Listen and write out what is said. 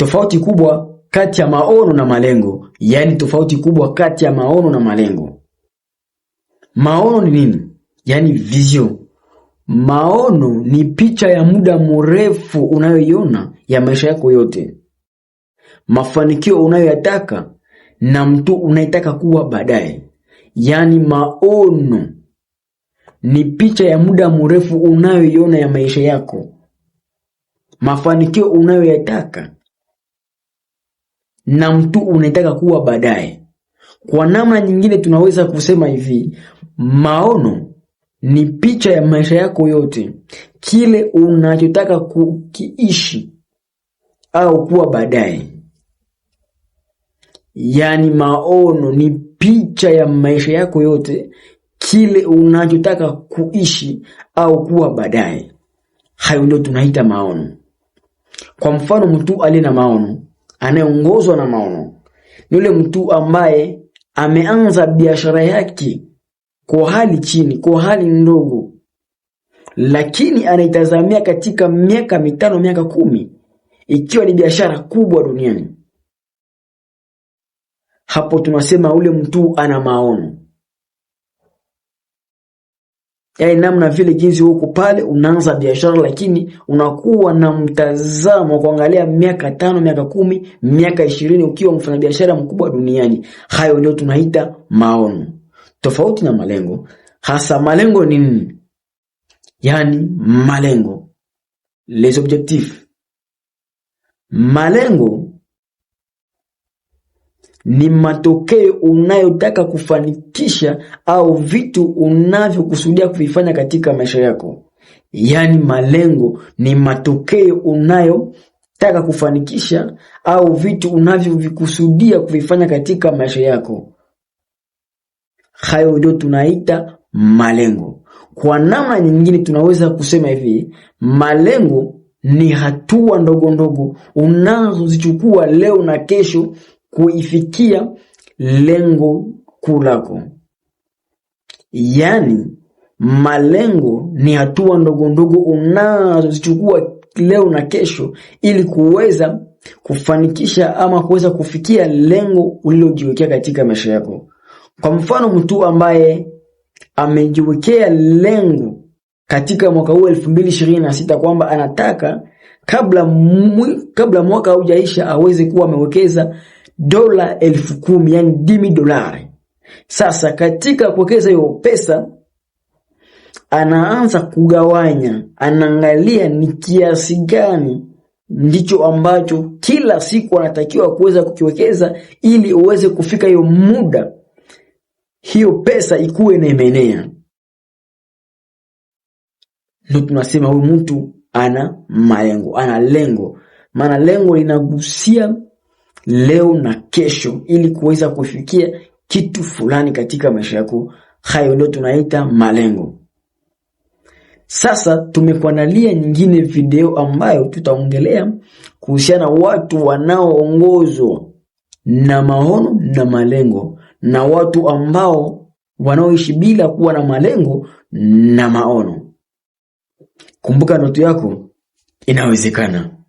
Tofauti kubwa kati ya maono na malengo, yaani tofauti kubwa kati ya maono na malengo. Maono ni nini? Yaani vision. Maono ni picha ya muda mrefu unayoiona ya maisha yako yote, mafanikio unayoyataka na mtu unayetaka kuwa baadaye. Yaani maono ni picha ya muda mrefu unayoiona ya maisha yako, mafanikio unayoyataka na mtu unataka kuwa baadaye. Kwa namna nyingine, tunaweza kusema hivi, maono ni picha ya maisha yako yote, kile unachotaka kukiishi au kuwa baadaye. Yaani, maono ni picha ya maisha yako yote, kile unachotaka kuishi au kuwa baadaye. Hayo ndio tunaita maono. Kwa mfano, mtu aliye na maono anayeongozwa na maono ni yule mtu ambaye ameanza biashara yake kwa hali chini, kwa hali ndogo, lakini anaitazamia katika miaka mitano, miaka kumi ikiwa ni biashara kubwa duniani. Hapo tunasema ule mtu ana maono yaani namna vile jinsi huko pale unaanza biashara, lakini unakuwa na mtazamo wa kuangalia miaka tano, miaka kumi, miaka ishirini ukiwa mfanyabiashara mkubwa duniani. Hayo ndio tunaita maono, tofauti na malengo. Hasa malengo ni nini? Yaani malengo les objectifs, malengo ni matokeo unayotaka kufanikisha au vitu unavyokusudia kuvifanya katika maisha yako. Yaani malengo ni matokeo unayotaka kufanikisha au vitu unavyovikusudia kuvifanya katika maisha yako. Hayo ndio tunaita malengo. Kwa namna nyingine tunaweza kusema hivi, malengo ni hatua ndogo ndogo unazozichukua leo na kesho kuifikia lengo kuu lako. Yaani, malengo ni hatua ndogo ndogo unazozichukua leo na kesho ili kuweza kufanikisha ama kuweza kufikia lengo ulilojiwekea katika maisha yako. Kwa mfano, mtu ambaye amejiwekea lengo katika mwaka huu sita kwamba anataka kabla, kabla mwaka haujaisha aweze kuwa amewekeza dola elfu kumi yani dimi dolari. Sasa katika kuwekeza hiyo pesa anaanza kugawanya, anaangalia ni kiasi gani ndicho ambacho kila siku anatakiwa kuweza kukiwekeza ili uweze kufika hiyo muda hiyo pesa ikuwe na imenea. Ndio tunasema huyu mtu ana malengo, ana lengo, maana lengo linagusia leo na kesho ili kuweza kufikia kitu fulani katika maisha yako. Hayo ndio tunaita malengo. Sasa tumekuandalia nyingine video ambayo tutaongelea kuhusiana watu wanaoongozwa na maono na malengo na watu ambao wanaoishi bila kuwa na malengo na maono. Kumbuka ndoto yako inawezekana.